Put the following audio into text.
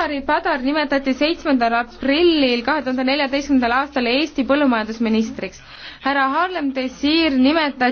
Ivari Padar nimetati seitsmendal aprillil kahe tuhande neljateistkümnendal aastal Eesti põllumajandusministriks. härra Harlem Desir nimetati